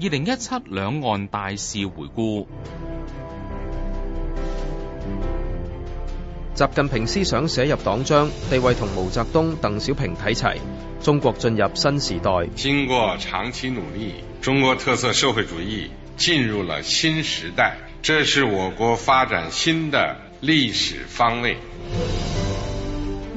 二零一七兩岸大事回顧。習近平思想寫入黨章，地位同毛澤東、鄧小平睇齊，中國進入新時代。經過長期努力，中國特色社會主義進入了新時代，這是我國發展新的歷史方位。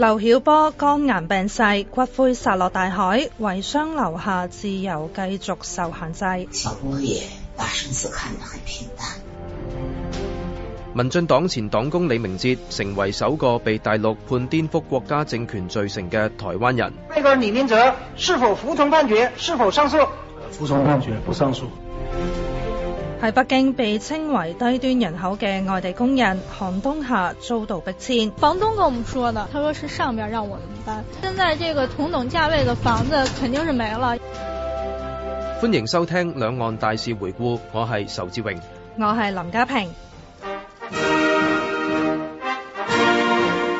劉曉波肝癌病逝，骨灰撒落大海，遺孀劉霞自由繼續受限制。看得很平淡。民進黨前黨工李明哲成為首個被大陸判顛覆國家政權罪成嘅台灣人。被告李明哲是否服從判決？是否上訴？服從判決，不上訴。喺北京，被稱為低端人口嘅外地工人，寒冬下遭到逼遷。房東跟我們說的，他說是上邊讓我們搬，現在這個同等價位的房子肯定是沒了。歡迎收聽兩岸大事回顧，我係仇志榮，我係林家萍。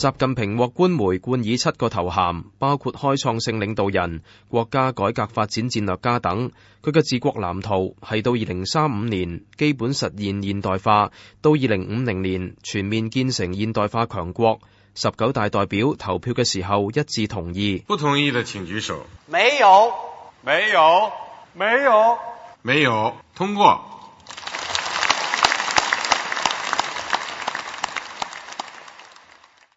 習近平獲官媒冠以七個頭銜，包括開創性領導人、國家改革發展戰略家等。佢嘅治國藍圖係到二零三五年基本實現現代化，到二零五零年全面建成現代化強國。十九大代表投票嘅時候一致同意，不同意的請舉手。沒有，沒有，沒有，沒有，通過。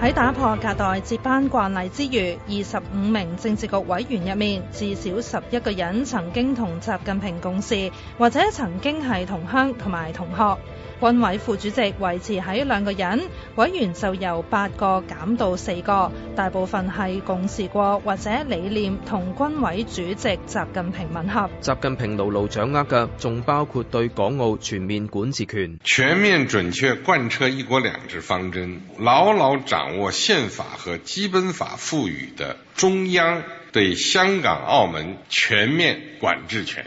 喺打破隔代接班慣例之餘，二十五名政治局委員入面，至少十一個人曾經同習近平共事，或者曾經係同鄉同埋同學。軍委副主席維持喺兩個人，委員就由八個減到四個，大部分係共事過，或者理念同軍委主席習近平吻合。習近平牢牢掌握嘅，仲包括對港澳全面管治權。全面準確貫徹一國兩制方針，牢牢掌握憲法和基本法賦予的中央對香港、澳門全面管治權。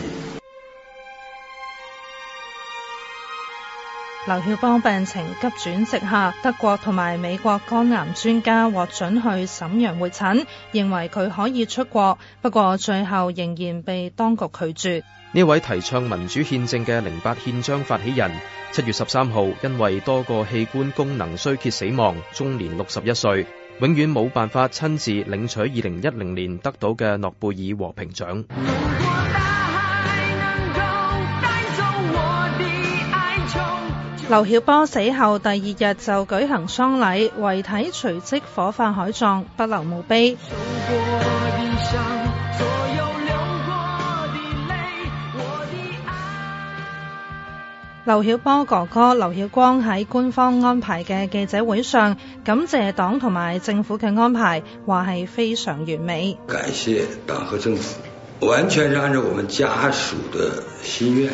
劉曉波病情，急轉直下，德國同埋美國肝癌專家獲准去瀋陽會診，認為佢可以出國，不過最後仍然被當局拒絕。呢位提倡民主憲政嘅零八憲章發起人，七月十三號因為多個器官功能衰竭死亡，終年六十一歲，永遠冇辦法親自領取二零一零年得到嘅諾貝爾和平獎。劉曉波死後第二日就舉行喪禮，遺體隨即火化海葬，不留墓碑。劉曉波哥哥劉曉光喺官方安排嘅記者會上，感謝黨同埋政府嘅安排，話係非常完美。感謝黨和政府，完全是按照我們家屬的心願。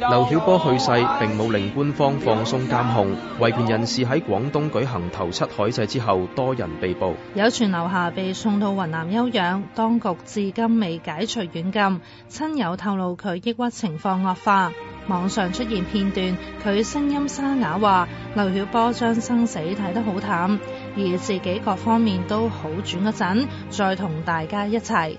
劉曉波去世，並冇令官方放鬆監控。維權人士喺廣東舉行投七海祭之後，多人被捕。有傳劉霞被送到雲南休養，當局至今未解除軟禁。親友透露佢抑鬱情況惡化，網上出現片段，佢聲音沙啞話：劉曉波將生死睇得好淡，而自己各方面都好轉嗰陣，再同大家一齊。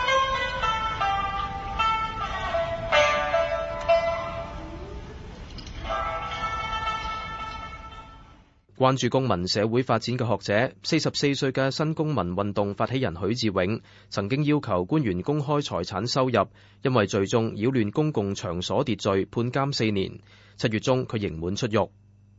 關注公民社會發展嘅學者，四十四歲嘅新公民運動發起人許志永，曾經要求官員公開財產收入，因為聚眾擾亂公共場所秩序，判監四年。七月中佢刑滿出獄。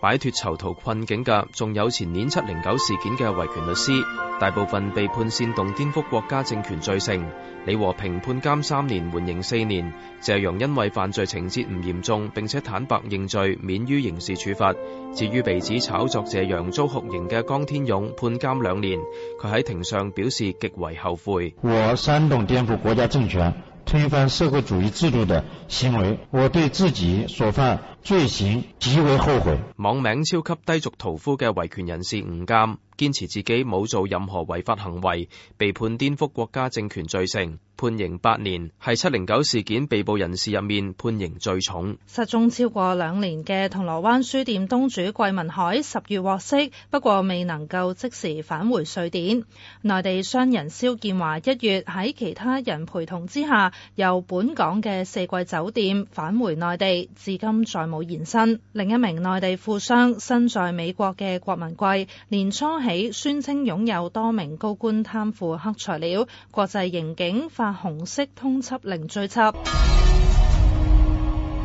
擺脫囚徒困境嘅，仲有前年七零九事件嘅維權律師，大部分被判煽動顛覆國家政權罪成。李和平判監三年，緩刑四年，謝陽因為犯罪情節唔嚴重，並且坦白認罪，免於刑事處罰。至於被指炒作謝陽遭酷刑嘅江天勇，判監兩年，佢喺庭上表示極為後悔。我煽動顛覆國家政權、推翻社會主義制度的行為，我對自己所犯。最是極為後悔。網名「超級低俗屠夫」嘅維權人士吳淦，堅持自己冇做任何違法行為，被判顛覆國家政權罪成，判刑八年，係七零九事件被捕人士入面判刑最重。失蹤超過兩年嘅銅鑼灣書店東主桂民海十月獲釋，不過未能夠即時返回瑞典。內地商人肖建華一月喺其他人陪同之下，由本港嘅四季酒店返回內地，至今在。冇延伸，另一名內地富商身在美國嘅郭文貴，年初起宣稱擁有多名高官貪腐黑材料，國際刑警發紅色通緝令追緝。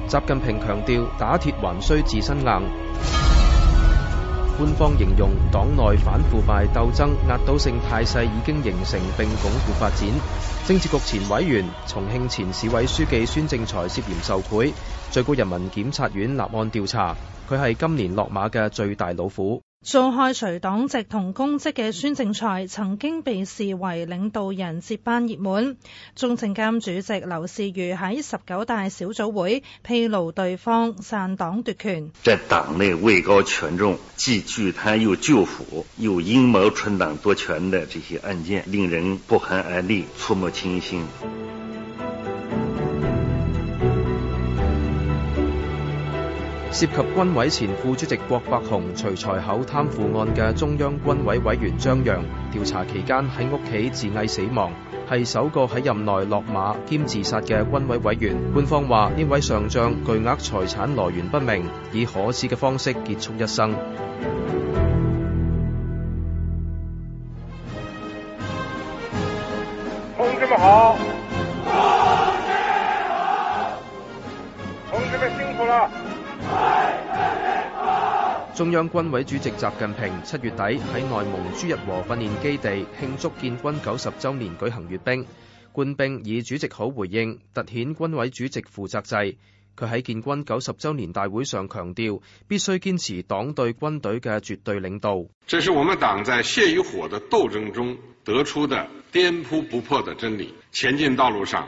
習近平強調，打鐵還需自身硬。官方形容，黨內反腐敗鬥爭壓倒性態勢已經形成並鞏固發展。政治局前委員、重慶前市委書記孫政才涉嫌受賄，最高人民檢察院立案調查，佢係今年落馬嘅最大老虎。遭開除黨籍同公職嘅孫政才，曾經被視為領導人接班熱門。中證監主席劉士餘喺十九大小組會披露對方篡黨奪權。在黨內位高權重，既巨貪又救腐，又陰謀篡黨奪權的這些案件，令人不寒而栗，觸目驚心。涉及軍委前副主席郭伯雄、徐才厚貪腐案嘅中央軍委委員張陽，調查期間喺屋企自縊死亡，係首個喺任內落馬兼自殺嘅軍委委員。官方話呢位上將巨額財產來源不明，以可恥嘅方式結束一生。中央軍委主席習近平七月底喺內蒙朱日和訓練基地慶祝建軍九十周年舉行閱兵，官兵以主席好回應，凸顯軍委主席負責制。佢喺建軍九十周年大會上強調，必須堅持黨對軍隊嘅絕對領導。這是我們黨在血與火的鬥爭中得出的顛撲不破的真理，前進道路上。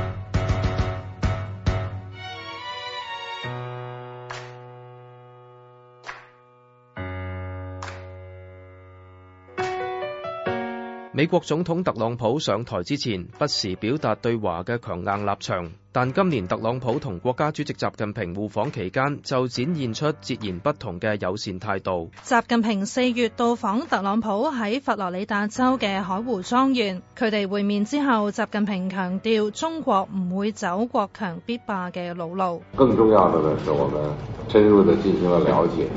美國總統特朗普上台之前不時表達對華嘅強硬立場，但今年特朗普同國家主席習近平互訪期間就展現出截然不同嘅友善態度。習近平四月到訪特朗普喺佛羅里達州嘅海湖莊園，佢哋會面之後，習近平強調中國唔會走國強必霸嘅老路。更重要的呢，是我們深入地進行了了解，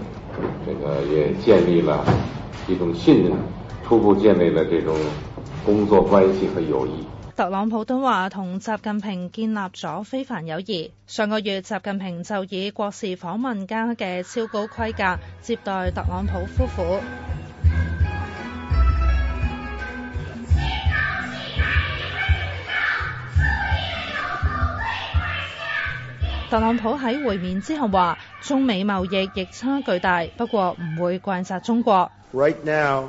這個也建立了一種信任。初步建立了這種工作關係和友誼。特朗普都話同習近平建立咗非凡友誼。上個月，習近平就以國事訪問家嘅超高規格接待特朗普夫婦。特朗普喺會面之後話，中美貿易逆差巨大，不過唔會怪責中國。Right now.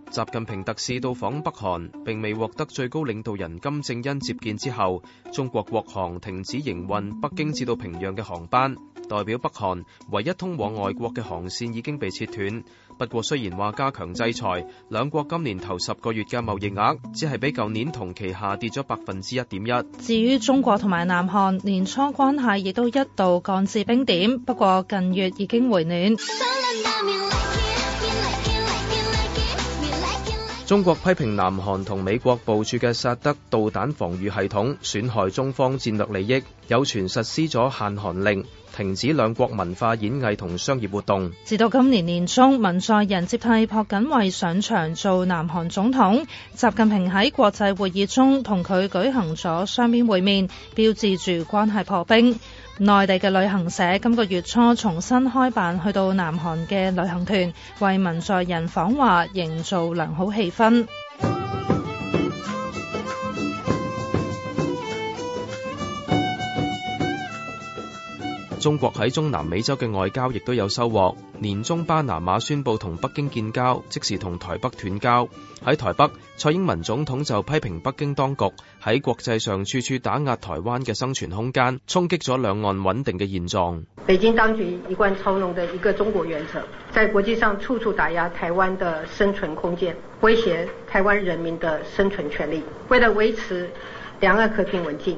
習近平特使到訪北韓並未獲得最高領導人金正恩接見之後，中國國航停止營運北京至到平壤嘅航班，代表北韓唯一通往外國嘅航線已經被切斷。不過雖然話加強制裁，兩國今年頭十個月嘅貿易額只係比舊年同期下跌咗百分之一點一。至於中國同埋南韓年初關係亦都一度降至冰點，不過近月已經回暖。 中國批評南韓同美國部署嘅薩德導彈防禦系統損害中方戰略利益，有傳實施咗限韓令，停止兩國文化演藝同商業活動。直到今年年中，文在寅接替朴槿惠上場做南韓總統，習近平喺國際會議中同佢舉行咗雙邊會面，標誌住關係破冰。內地嘅旅行社今個月初重新開辦去到南韓嘅旅行團，為文在寅訪華營造良好氣氛。中國喺中南美洲嘅外交亦都有收穫，年中巴拿馬宣布同北京建交，即時同台北斷交。喺台北，蔡英文總統就批評北京當局喺國際上處處打壓台灣嘅生存空間，衝擊咗兩岸穩定嘅現狀。北京當局一貫操弄的一個中國原則，在國際上處處打壓台灣的生存空間，威脅台灣人民的生存權利。為了維持兩岸和平穩定。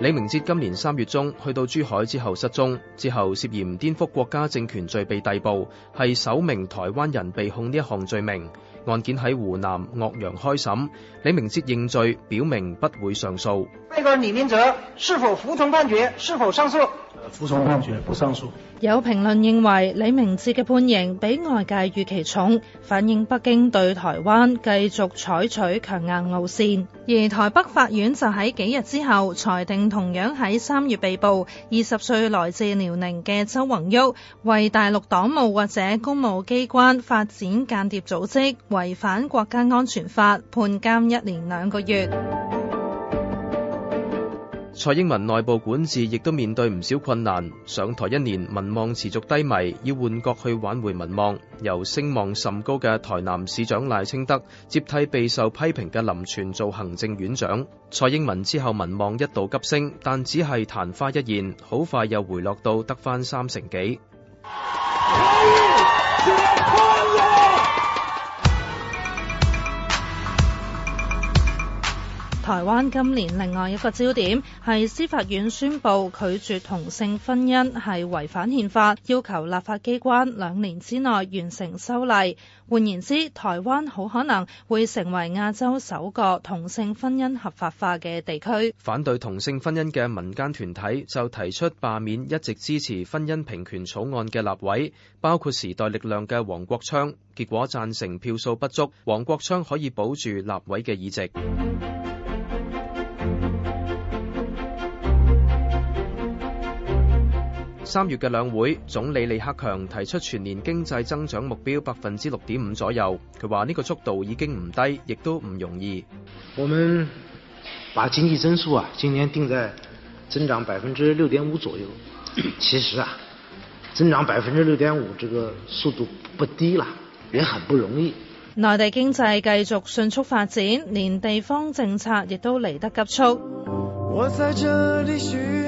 李明哲今年三月中去到珠海之後失蹤，之後涉嫌顛覆國家政權罪被逮捕，係首名台灣人被控呢一項罪名。案件喺湖南岳陽開審，李明哲認罪，表明不會上訴。被告李明哲是否服從判決？是否上訴？服從判決，不上訴。有評論認為李明哲嘅判刑比外界預期重，反映北京對台灣繼續採取強硬路線。而台北法院就喺幾日之後裁定。同樣喺三月被捕，二十歲來自遼寧嘅周宏旭，為大陸黨務或者公務機關發展間諜組織，違反國家安全法，判監一年兩個月。蔡英文內部管治亦都面對唔少困難，上台一年民望持續低迷，要換角去挽回民望，由聲望甚高嘅台南市長賴清德接替備受批評嘅林全做行政院長。蔡英文之後民望一度急升，但只係曇花一現，好快又回落到得返三成幾。台灣今年另外一個焦點，係司法院宣布拒絕同性婚姻係違反憲法，要求立法機關兩年之內完成修例。換言之，台灣好可能會成為亞洲首個同性婚姻合法化嘅地區。反對同性婚姻嘅民間團體就提出罷免一直支持婚姻平權草案嘅立委，包括時代力量嘅黃國昌。結果贊成票數不足，黃國昌可以保住立委嘅議席。三月嘅兩會，總理李克強提出全年經濟增長目標百分之六點五左右。佢話呢個速度已經唔低，亦都唔容易。我們把經濟增速啊，今年定在增長百分之六點五左右。其實啊，增長百分之六點五，這個速度不低啦，也很不容易。內地經濟繼續迅速發展，連地方政策亦都嚟得急速。我在這裏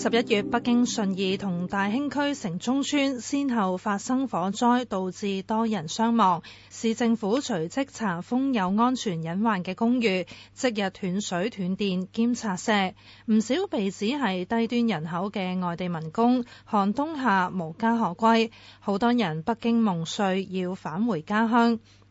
十一月，北京順義同大興區城中村先後發生火災，導致多人傷亡。市政府隨即查封有安全隱患嘅公寓，即日斷水斷電兼拆卸。唔少被指係低端人口嘅外地民工，寒冬下無家可歸，好多人北京夢碎要返回家鄉。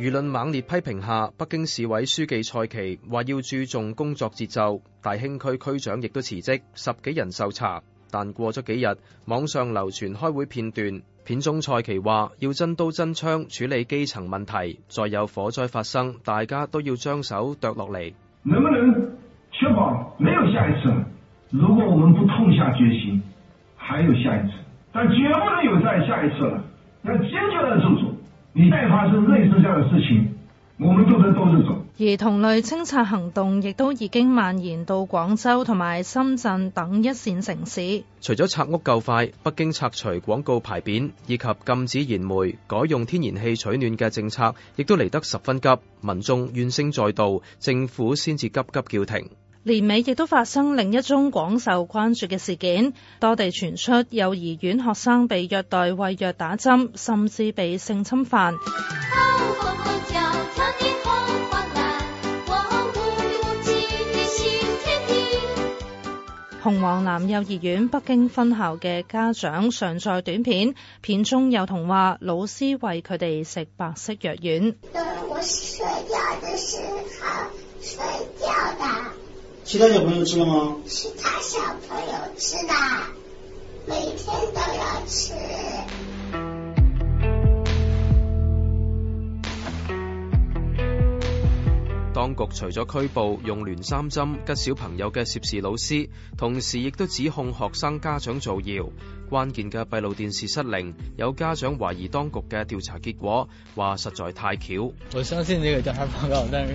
輿論猛烈批評下，北京市委書記蔡奇話要注重工作節奏，大興區區長亦都辭職，十幾人受查。但過咗幾日，網上流傳開會片段，片中蔡奇話要真刀真槍處理基層問題，再有火災發生，大家都要將手剁落嚟。能不能確保沒有下一次？如果我們不痛下決心，還有下一次，但絕不能有再下一次了，要堅決的杜絕。你再生似這樣的事情，我們就能做這種。而同類清拆行動亦都已經蔓延到廣州同埋深圳等一線城市。除咗拆屋夠快，北京拆除廣告牌匾以及禁止燃煤改用天然氣取暖嘅政策，亦都嚟得十分急，民眾怨聲再道，政府先至急急叫停。年尾亦都發生另一宗廣受關注嘅事件，多地傳出幼兒園學生被虐待餵藥打針，甚至被性侵犯。哦、天天紅黃藍幼兒園北京分校嘅家長上載短片，片中有童話老師餵佢哋食白色藥丸。其他小朋友吃了嗎？其他小朋友吃的，每天都要吃。當局除咗拘捕用聯三針吉小朋友嘅涉事老師，同時亦都指控學生家長造謠。關鍵嘅閉路電視失靈，有家長懷疑當局嘅調查結果，話實在太巧。我相信呢個調查報告，但是。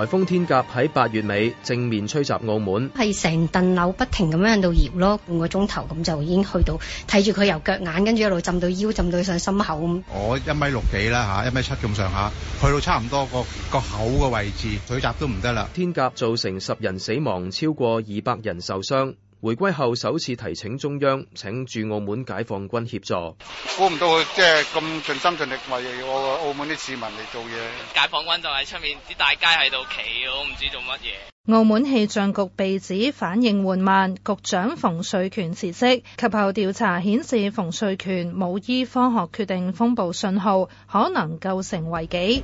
台風天鴿喺八月尾正面吹襲澳門，係成棟樓不停咁樣喺度搖咯，半個鐘頭咁就已經去到睇住佢由腳眼跟住一路浸到腰，浸到上心口。我一米六幾啦吓，一米七咁上下，去到差唔多個個口嘅位置，腿閘都唔得啦。天鴿造成十人死亡，超過二百人受傷。回歸後首次提請中央，請駐駐澳門解放軍協助，估唔到佢即係咁盡心盡力為澳門啲市民嚟做嘢。解放軍就喺出面啲大街喺度企，我唔知做乜嘢。澳門氣象局被指反應緩慢，局長馮瑞權辭職，及後調查顯示馮瑞權冇依科學決定風暴信號，可能構成違紀。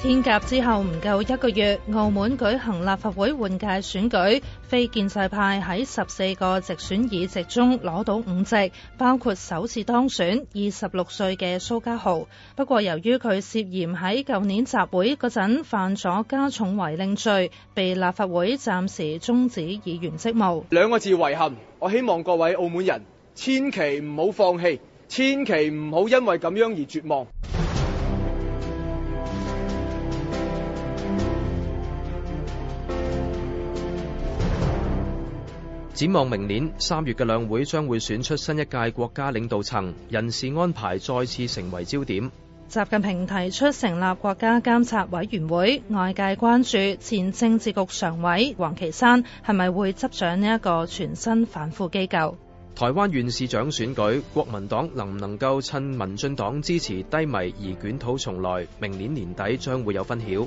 天鴿之後唔夠一個月，澳門舉行立法會換屆選舉，非建制派喺十四個直選議席中攞到五席，包括首次當選二十六歲嘅蘇嘉豪。不過由於佢涉嫌喺舊年集會嗰陣犯咗加重違令罪，被立法會暫時終止議員職務。兩個字遺憾，我希望各位澳門人千祈唔好放棄，千祈唔好因為咁樣而絕望。展望明年三月嘅兩會將會選出新一屆國家領導層，人事安排再次成為焦點。習近平提出成立國家監察委員會，外界關注前政治局常委王岐山係咪會執掌呢一個全新反腐機構。台灣縣市長選舉，國民黨能唔能夠趁民進黨支持低迷而捲土重來？明年年底將會有分曉。